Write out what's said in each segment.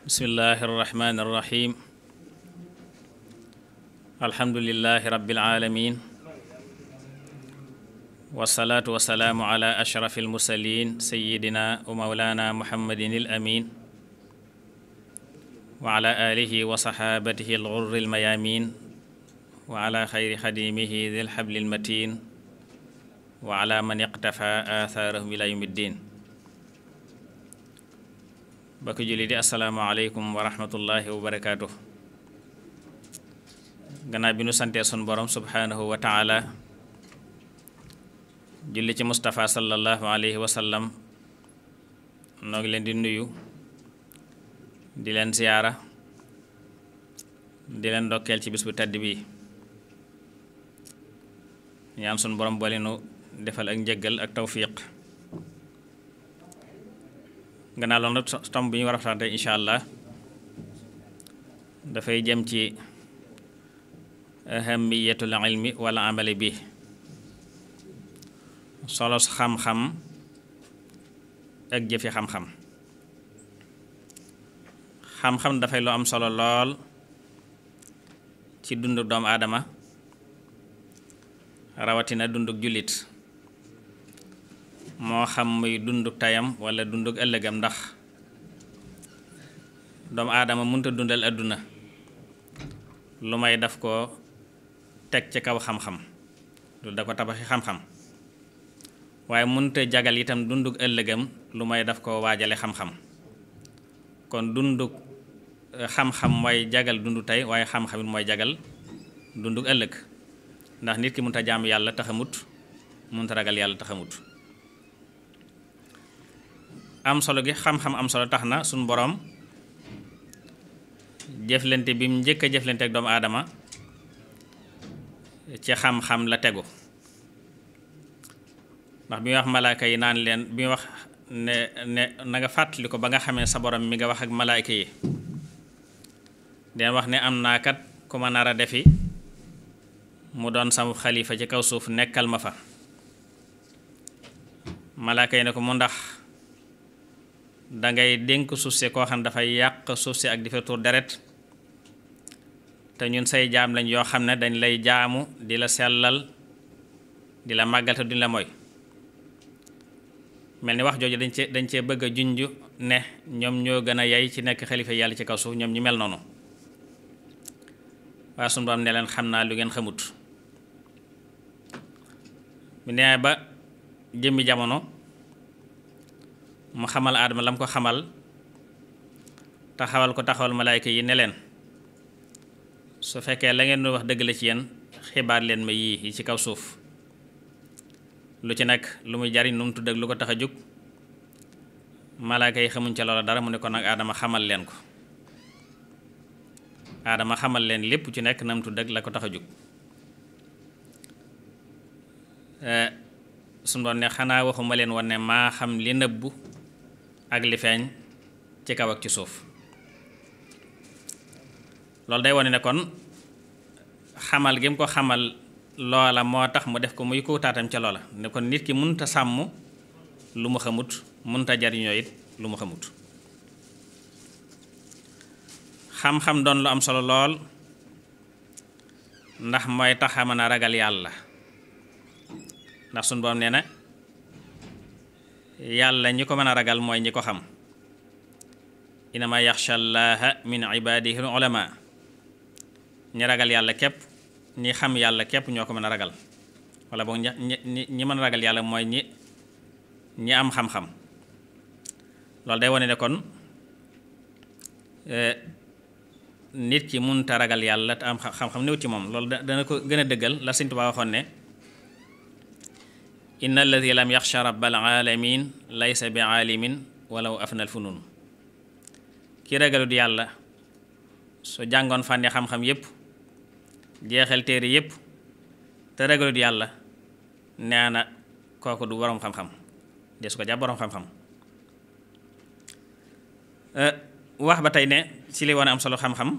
bismillahi arrahmani arrahim alhamdulilahi rabbil alamin wasalaatu wasalaamu ala ashraf almursalin sayidina wa maulana muhammadin alamin wa ala alihi wa saxaabatihi algurri almayamin wa ala xayri xadimihi dil xabli almatin wa ala man iqtafa athaarahum ila yawmi ddin ba ko julli di asalaamaaleykum wa rahmatullahi wa barakaatu. gannaaw bi nu santee sun borom subhaanahu wa taala julli ci Moustapha sallallahu alayhi wa sallam noo leen di nuyu di leen siyaara di leen ndokkeel ci bis bu tedd bi ñaan sun borom boole nu defal ak njëggal ak tawfiq gannaaw loolu nag tomb bi ñu war a waxtaan tey allah dafay jëm ci ahamiyatul ilmi wala amali bi solo xam-xam ak jëfi xam-xam xam-xam dafay lu am solo lool ci dundu doomu aadama rawatina dunduk jullit moo xam muy dundu tayam wala dunduk ëllëgam ndax doomu aadama mënta dundal àdduna lu may daf ko teg ci kaw xam-xam lu da ko tabaxi xam-xam waaye mënta jagal itam dunduk ëllëgam lu may daf ko waajale xam-xam kon dunduk eh, xam-xam mooy jagal dundu tey waaye xam-xam mooy jagal dundu ëllëg ndax nit ki mënta jaam yàlla taxamut mënta ragal yàlla taxamut am solo gi xam-xam am solo tax na suñ boroom jëflante bi mu njëkk a jëflante ak doomu aadama ci xam-xam la tegu ndax bi muy wax malaaka yi naan leen bi muy wax ne ne na fàttali ko ba nga xamee sa boroom mi nga wax ak malaaka yi den wax ne am naa kat ku ma nar a defi mu doon sama xalifa ci kaw suuf nekkal ma fa malaaka yi ne ko mu ndax dangay dénk suuf si koo xam ne dafay yàq suuf si ak di fa tuur deret te ñun say jaam lañ yoo xam ne dañ lay jaamu di la sellal di la màggal te duñ la moy mel ni wax jooju dañ cee dañ cee bëgg a junj ne ñoom ñoo gën a yay ci nekk xalifa yàlla ci kaw suuf ñoom ñu mel noonu waaye sunu Boroom xam naa lu ngeen xamut mu ne ba jëmmi jamono mu xamal aadama lam ko xamal taxawal ko taxawal malaayka yi ne leen su fekkee la ngeen wax dëgg la ci yéen xibaar leen ma yii yi ci kaw suuf lu ci nekk lu muy jariñ nu mu ko tax a jóg malaayka xamuñ ca loola dara mu ne nag aadama xamal leen ko aadama xamal leen lépp ci nekk na mu la ko tax a jóg eh, su doon ne xanaa waxuma leen wan maa xam li nëbbu ak li ci kaw ak ci suuf loolu day wane ne kon xamal gi mu ko xamal loola moo tax mu def ko muy ko taatam ca loola ne kon nit ki mënta sàmm lu mu xamut mënta jariñoo it lu mu xamut xam-xam doon lu am solo lool ndax mooy tax a a ragal yàlla ndax suñu boom nee na yàlla ñi ko mën a ragal mooy ñi ko xam inama yaxsha llaha min ibadihi ulama ñi ragal yàlla képp ñi xam yàlla képp ñoo ko mën a ragal wala boog ñi ñi mën a ragal yàlla mooy ñi ñi am xam-xam loolu day wone ne kon e, nit ki munta ragal yàlla te am xam-xam néew ci moom loolu dana ko gën a dëggal la Sëñ waxoon ne inna alladi lam yaxsha rabbal aalamin laysa bi aalimin walaw afnal funun ki ragalut yàlla su jàngoon fànni xam-xam yépp jeexal téere yépp te ragalut yàlla nee na kooku du boroom xam-xam des ko jàpp boroom xam-xam wax ba tey ne ci li wane am solo xam-xam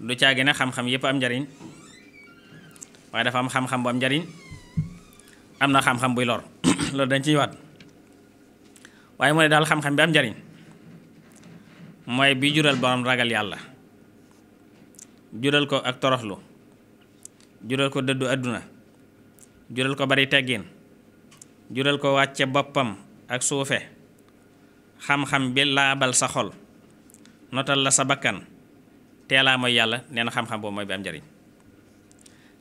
du caagi ne xam-xam yépp am njariñ waaye dafa am xam-xam bu am njariñ am na xam-xam buy lor loolu dañ ciy waat waaye mu ni daal xam-xam bi am njariñ mooy bi jural borom ragal yàlla jural ko ak toroxlu jural ko dëddu àdduna jural ko bari teggin jural ko wàcce boppam ak suufe xam-xam bi laabal sa xol notal la sa bakkan teelaa mooy yàlla nee na xam-xam boobu mooy bi am njariñ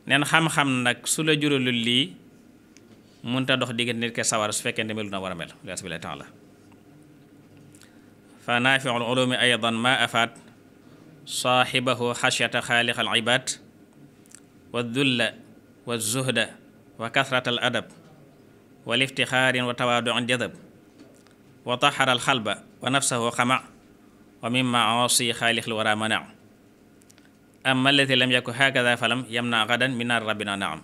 neen xam-xam nag su la juralul lii mënut a dox diggante nit ke sawar su fekkee ne melu na war a mel lias bi lay taala fa naafiul ulumi aydan ma afaat saaxibahu xashyata xaaliq al ibad wa dulla wa zuhda wa kasrat al adab wa liftixaarin wa tawaaduin jadab wa taxara al xalba wa nafsahu xama wa mimma aasi xaaliq al wara mana amma allati lam yaku hakada falam yam naa gadan min naa rabbina naam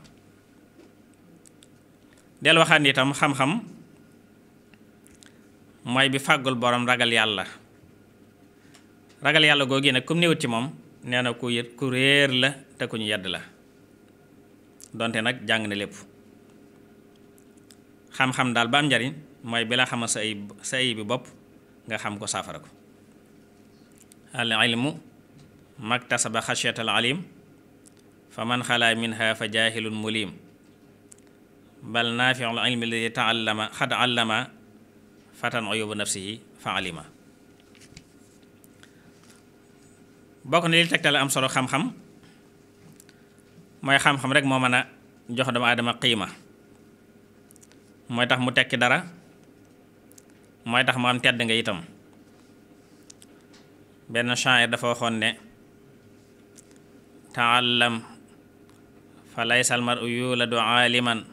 del waxaat itam xam-xam mooy bi fàggul borom ragal yàlla ragal yàlla googu nag kum néewut ci moom nee na ku yët ku réer la te ku yedd la donte nag jàng na lépp xam-xam daal ba am njariñ mooy bi la xamal sa ay sa ay bi bopp nga xam ko saafara ko al ilmu maktasaba xasyatal alim fa man xalaa minha fa jaahilun mulim bal naafiul ilmi alladi taallama xad allama fatan uyubu nafsihi fa alima bokk na li tegtale am solo xam-xam mooy xam-xam rek moo mën a jox doomu aadama qiima mooy tax mu tekki dara mooy tax mu am tedd nga itam benn chanre dafa waxoon taallam fa laysa almar'u yuladu aaliman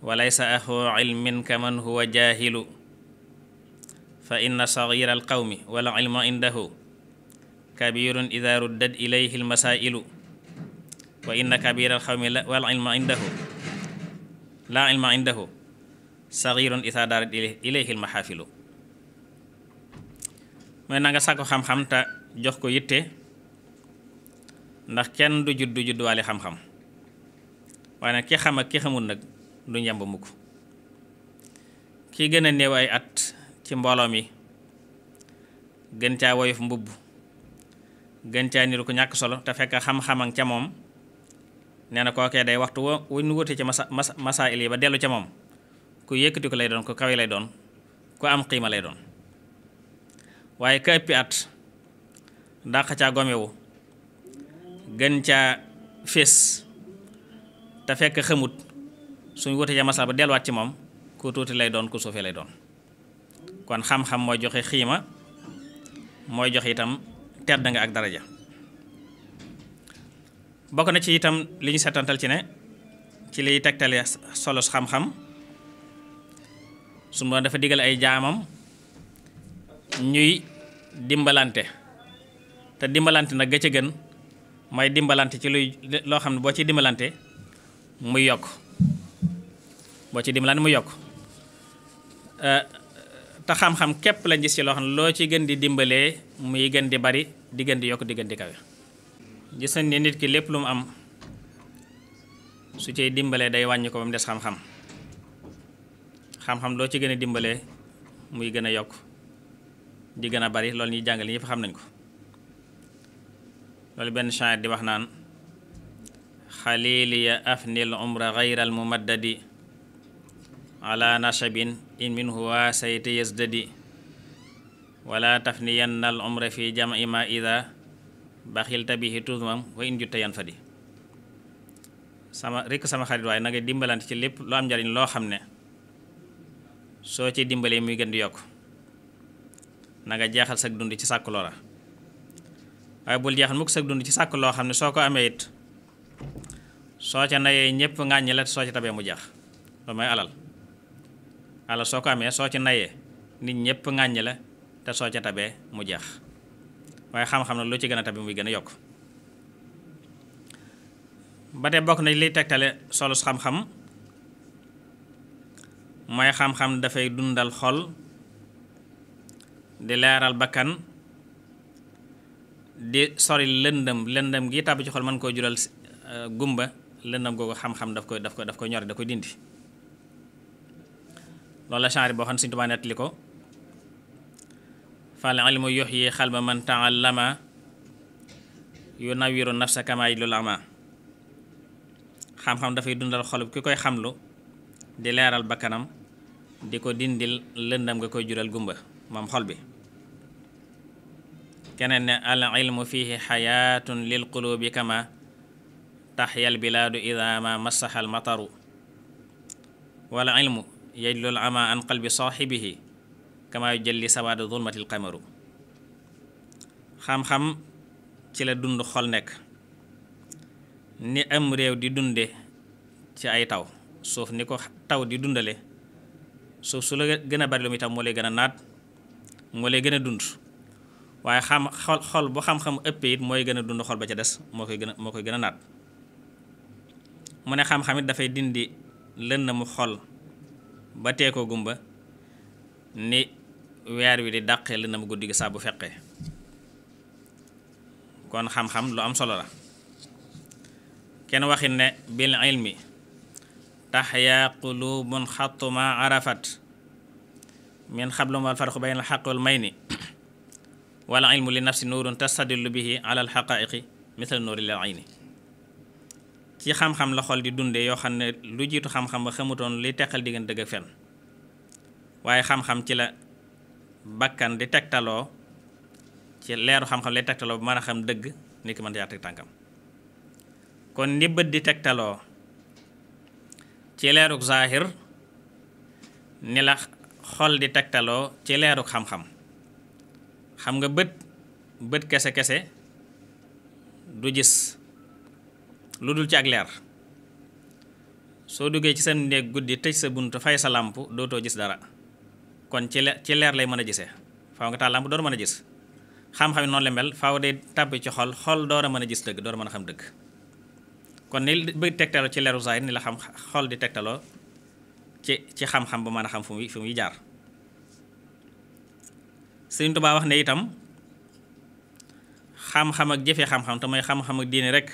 wa laysa axu ilmin kaman huwa jaahilu fa inna sagira alqawmi wal ilma indahu kabirun ida ruddat ilayhi almasailu wa inna kabira alqawmi wal ilma indahu la ilma indahu saxirun isa daarat ilayhi lmaxaafilu mooy na nga sàkku xam-xam te jox ko yitte ndax kenn du judd judduwaale xam-xam waaye nag ki xam ak ki xamul nag du njàmb mukk ki gën a néew ay at ci mbooloo mi gën caa woyof mbubb gën caa niru ko ñàkk solo te fekk xam-xamam ca moom nee na kookee day waxtu wa wuñ wute ci masa masaa'il yi ba dellu ca moom ku yëkkati ko lay doon ku kawe lay doon ku am xiima lay doon waaye ka ëppi at dàq caa gomewu gën caa fés te fekk xëmut suñ wutee ca masaa ba delluwaat ci moom ku tuuti lay doon ku suufee lay doon kon xam-xam mooy joxe xiima mooy joxe itam tedd nga ak daraja bokk na ci itam li ñu setantal ci ne ci liy tegtale solos xam-xam su ma dafa digal ay jaamam ñuy dimbalante te dimbalante nag ga ca gën mooy dimbalante ci luy loo xam ne boo ci dimbalante muy yokk boo ci dimbalante muy yokk euh, te xam-xam képp lañ gis si loo xam ne loo ci gën di dimbalee muy gën di bari di gën di yokk di gën di kawe gis nañ ne nit ki lépp lu mu am su cay dimbalee day wàññi ko ba mu des xam-xam xam-xam loo ci gën a dimbalee muy gën a yokk di gën a bari loolu ñuy jàngale ñëpp xam nañ ko loolu benn chant di wax naan xaliliya afnil umra gayral mumaddadi ala nashabin in minhu waasayte yasdadi wala tafniyanna al umra fi jam'i ma ida baxilta bihi tuzmam wa in jutta yan fadi sama rekk sama xarit waaye na nga dimbalante ci lépp lu am njariñ loo xam ne soo ci dimbalee muy gën di yokk na nga sag dund ci sàkku loola waaye bul jeexal mukk sag dund ci sàkk loo xam ne soo ko amee it soo ca nayee ñëpp ngàññi la soo tabee mu jeex loolu alal alal soo ko amee soo ci nayee nit ñëpp ngàññi la te soo ca tabee mu jeex waaye xam-xam na lu ci gën a tabe muy gën a yokk ba tey bokk na liy tegtale solus xam-xam mooy xam-xam dafay dundal xol di leeral bakkan di sori lëndëm lëndëm gi tàbb ci xol mën koo jural euh, gumba lëndëm googu xam-xam daf ko daf ko daf ko ñor da koy dindi loolu la boo xam ne Sëriñ Tuubaa nettali ko fal ilmu yuhyi ba man taallama yunawiru sa kama yajlul ama xam-xam dafay dundal xolub ki koy xamlu di leeral bakkanam di ko dindil lëndam nga koy jural gumba moom xol bi keneen ne al ilmu fihi xayaatun lil qulubi kama taxyal bilaadu ida ma massaha al mataru wal ilmu yajlul an qalbi saaxibihi kama yujalli sawaada zulmati al qamaru xam-xam ci la dund xol nekk ni am réew di dunde ci ay taw suuf ni ko taw di dundale suuf su la gën a moo lay gën a naat moo lay gën a dund waaye xam xol xol bu xam-xam ëppee it mooy gën a dund xol ba ca des moo koy gën a moo koy gën a naat mu ne xam-xam dafay dindi lën na mu xol ba teekoo gumba ni weer wi di dàqee lënn mu guddi gi saa bu feqee kon xam-xam lu am solo la kenn waxit ne bil ilmi tax qulubun xattu ma arafat min xablu wal farqu bayna al xaq may ni wala ilmu li nafsi nuurun tastadillu bihi ala alxaqaiqi misla nuuri lil ayni ci xam-xam la xol di dunde yoo xam ne lu jiitu xam-xam ba xamutoon liy teqal diggante dëgg ak waaye xam-xam ci la bakkan di tegtaloo ci leeru xam lay tegtaloo bu a xam dëgg nit ki mën ta tànkam kon ni di tegtaloo ci leeruk zaahir ni la xol di tegtaloo ci leeruk xam-xam xam nga bët bët kese kese du jis lu dul ci ak leer soo duggee ci sa néeg guddi tëj sa bunt fay sa làmp dootoo gis dara kon ci leer ci leer lay mën a gisee faaw nga taal làmp door mën a gis xam-xam yi noonu la mel faaw day tàbbi ci xol xol door mën a gis dëgg door mën a xam dëgg kon ni bëgg tegtaloo ci leeru zahir ni la xam xol di tegtaloo ci ci xam-xam ba mën a xam fu muy fu muy jaar Sëriñ Tuubaa wax ne itam xam-xam ak jëfe xam-xam te mooy xam-xam ak diine rek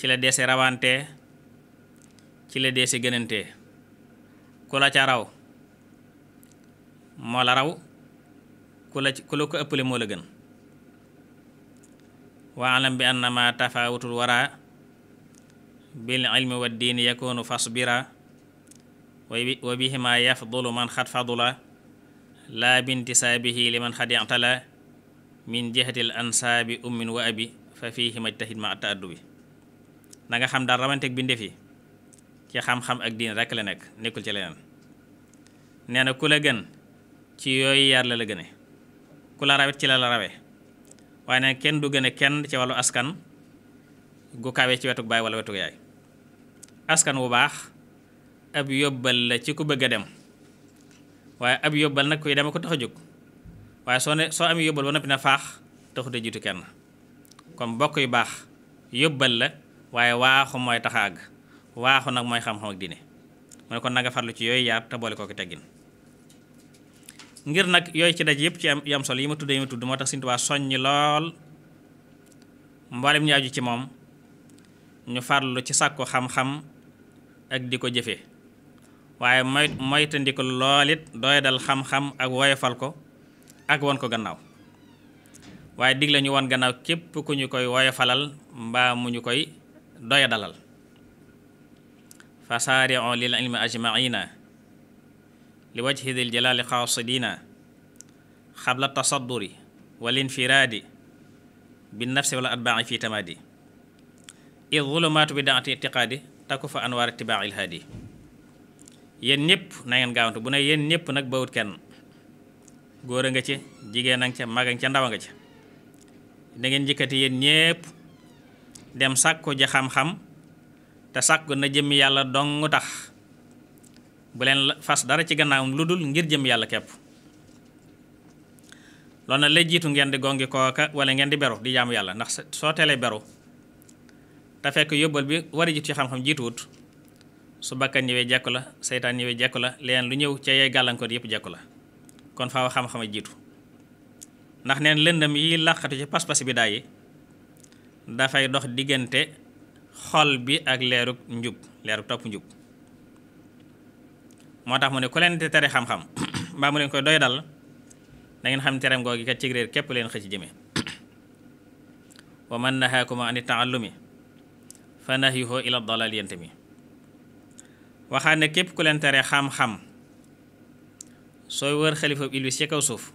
ci la deese rawante ci la deese gënante ku la ca raw moo la raw ku la ku la ko ëppale moo la gën wa alam bi annama tafawutul wara bil ilmi wa diini yakunu fasbira wa bihima yafdulu man xat fadula laa bintisaabihi liman xad i'tala min jihatil ansaabi ummin wa abi fa fiihi majtahid ma ta'addubi na nga xam daal rawanteeg bindeef yi ci xam-xam ak diin rekk la nekk nekkul ci leneen nee na ku la gën ci yooyu yar la la gëne ku la rawet ci la la rawee waaye nag kenn du gëne kenn ci wàllu askan gu kawee ci wetug baay wala wetug yaay askan wu baax ab yóbbal la ci ku bëgg a dem waaye ab yóbbal nag kuy deme ko tax a jóg waaye soo ne soo amee yóbbal ba noppi na faax taxut a jiitu kenn kon bokk yu baax yóbbal la waaye waaxu mooy tax a àgg waaxu nag mooy xam-xam ak diine mu ne kon nanga farlu ci yooyu yaar te boole kooku teggin ngir nag yooyu ci daj yëpp ci am yam sol yi ma tudd yi ma tudd moo tax Sëriñ Tuubaa soññ lool mboolem ñu ci moom ñu farlu ci sàkku xam-xam ak di ko jëfe waaye moy moytandiku loolit doy dal xam-xam ak woyofal ko ak won ko gannaaw waaye digle ñu won gannaaw képp ku ñu koy woyofalal mbaa mu ñu koy doya dalal fasaari'u lil li wajhi dil jalali xaasidina xabla tasadduri wal infiraadi bi nafsi fi tamaadi bi daati itiqaadi taku fa anwaar itibaail haadi yéen ñëpp na ngeen gaawantu bu ne yéen ñëpp nag bawut kenn góor a nga ci jigéen a nga ca mag ca ndaw a nga ca dangeen ngeen njëkkati yéen ñëpp dem sàkku ji xam-xam te sàkku na jëm yàlla dong tax bu leen fas dara ci gannaawam lu dul ngir jëm yàlla kepp loolu nag lay jiitu ngeen di gongi kooka wala ngeen di beru di jaamu yàlla ndax soo teelee beru te fekk yóbbal bi war a jiitu ci xam-xam jiituwut su bakkan ñëwee jekku la seytaan ñëwee jekku la leneen lu ñëw ca yay gàllankoor yëpp jekku la kon faaw xam-xama jiitu ndax neen lëndam yi làqatu ci pas-pas bi daay yi dafay dox diggante xol bi ak leerug njub leerug topp njub moo tax mu ne ku leen di tere xam-xam mbaa mu leen koy doy dal da xam tereem googi kat ci réer képp leen xëcc jëmee mën man nahaakum an taallumi fa nahyuhu ila dalal yantami waxaat ne képp ku leen tere xam-xam sooy wër xalifa iblis ci kaw suuf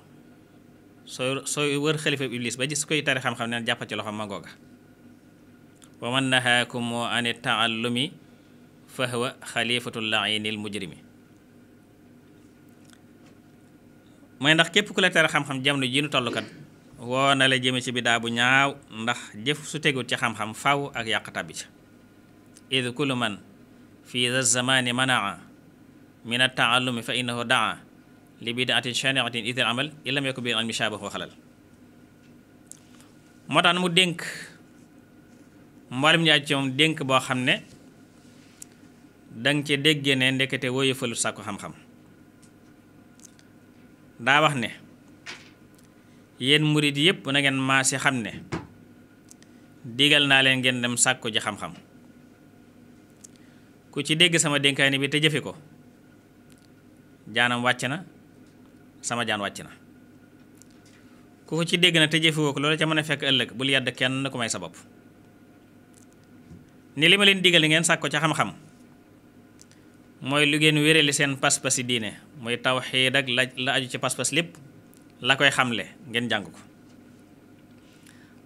sooy sooy wër xalifa iblis ba gis koy tere xam-xam neen jàppa ci loxo ma googa wa man nahaakum an taallumi fa huwa xalifatul lainil mujrimi mooy ndax képp ku la tere xam-xam jamono ji nu tollukat woo na ci bidaa bu ñaaw ndax jëf su tegul ci xam-xam faw ak yàq tàbbi ca id kullu man fi dha zamani manaa min attaallumi fa innahu daa li bidaatin shaniatin itil amal illam yakun bil ilmi shaabah wa xalal moo tax mu dénk mboolem ñu aj moom dénk boo xam ne dang ci déggee ne ndekete woyëfalu sàkku xam-xam daa wax ne yéen murit yépp na ngeen maase xam ne digal naa leen ngeen dem sàkku ji xam-xam ku ci dégg sama dénkaane bi te jëfe ko jaanam wàcc na sama jaan wàcc na ku ko ci dégg na te jëfewoo ko loolu ca mën a fekk ëllëg bul yàdd kenn ku may sa bopp ni li ma leen digal ngeen ko ca xam-xam mooy lu ngeen wérali seen pas diine yi taw mooy tawxiid ak la la aju ci pas-pas lépp la koy xamle ngeen jàng ko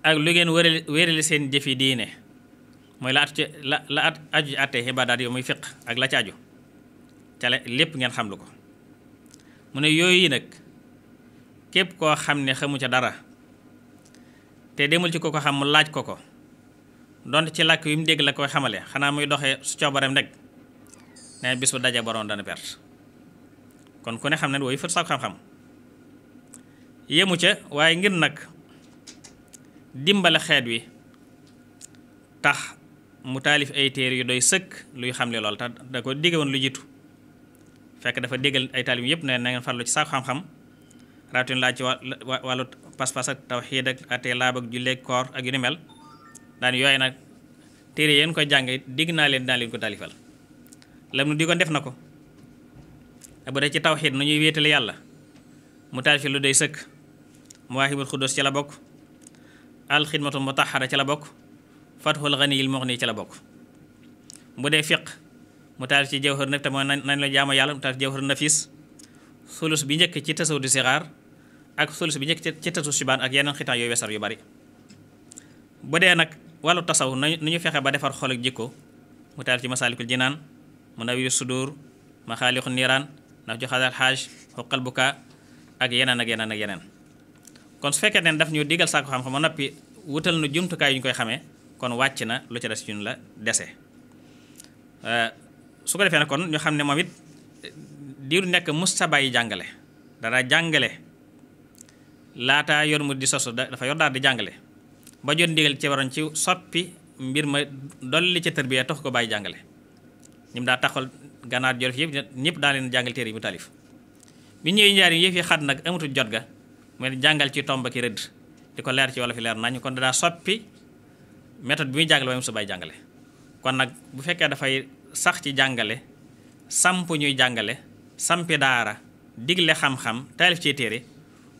ak lu ngeen wérali seen jëfi diine mooy la at ci la la at aju àtte ibaadaat yow muy fiq ak la ci aju ca lépp ngeen xam lu ko mu ne yooyu nag képp koo xam ne xamu ca dara te demul ci ko ko xam mu laaj ko ko donte ci làkk wi mu dégg la koy xamale xanaa muy doxee su coobareem rek ne bis bu daje boroom dana perte kon ku ne xam ne wooyu fët saako xam-xam yemu ca waaye ngir nag dimbale xeet wi tax mu taalif ay téere yu doy sëkk luy xamle lool te da ko digge woon lu jiitu fekk dafa déggal ay taalif yëpp ne na ngeen farlu ci saako xam-xam rawatina laaj ci wàllu pas-pas ak tawxiid ak atee ak koor ak yu ni mel daan yooyu nag téere yéen ko jàng digg naa leen daal leen ko taalifal lam nu digoon def na ko bu dee ci tawxiid nu ñuy wéetale yàlla mu taalifi lu doy sëkk mu waahibul xudus ci la bokk alxidmatul mutahara ci la bokk fathul ghaniyil mughni ci la bokk bu dee fiq mu taal ci jawhar nag na mooy nañ la jaamu yàlla mu taal ci jawhar nafis sulus bi njëkk ci tasawdu sixaar ak sulus bi njëkk ci tasu subaan ak yeneen xitaan yooyu wesar yu bari bu dee nag wàllu tasaw na nañu ñu fexe ba defar xol ak jikko mu taal ci masaalikul jinaan mu nawiyu sudur ma xaalixu niiraan ndax ju xasal xaaj xuqal buka ak yeneen ak yeneen ak yeneen kon su fekkee ne daf ñu digal saako xam-xam ba noppi wutal nu jumtukaay yu ñu kon wàcc na lu ca des ci ñun la dese euh, su ko defee nag kon ñu xam ne moom it diiru nekk sa bàyyi jàngale dara jàngale laataa yor mu di sosu dafa yor daal di jàngale ba jot ndigal ci waroon ci soppi mbir ma dolli ca tërbiya tax ko bàyyi jàngale ñim daa taxal ganaar jolof yëpp ñëpp daa leen jàngal téere yi mu taalif bi ñëwee njaar yi yëf yi xat nag amatul jot ga mu jàngal ci tomb ki rëdd di ko laar ci wala fi leer nañu kon daa soppi méthode bi muy jàngale waaye mu su jàngale kon nag bu fekkee dafay sax ci jàngale samp ñuy jàngale sampi daara digle xam-xam taalif ci téere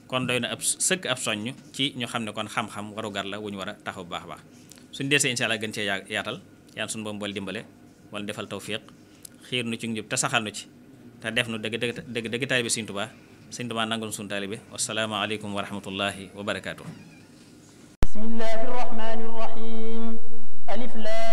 kon doy na ab sëkk ab soññ ci ñu xam ne kon xam-xam warugar la wu ñu war a taxaw bu baax baax suñ desee insha allah gën cee yaatal yaan suñu boom bool dimbale wala defal tawfiq xiir nu ci njub te saxal nu ci te def nu dëgg dëgg dëgg dëgg taalibe Sëriñ Tuubaa Sëriñ Tuubaa nangul suñu taalibe wasalaamaaleykum wa rahmatullahi wa barakaatu. bismillahi rahmaani alif lam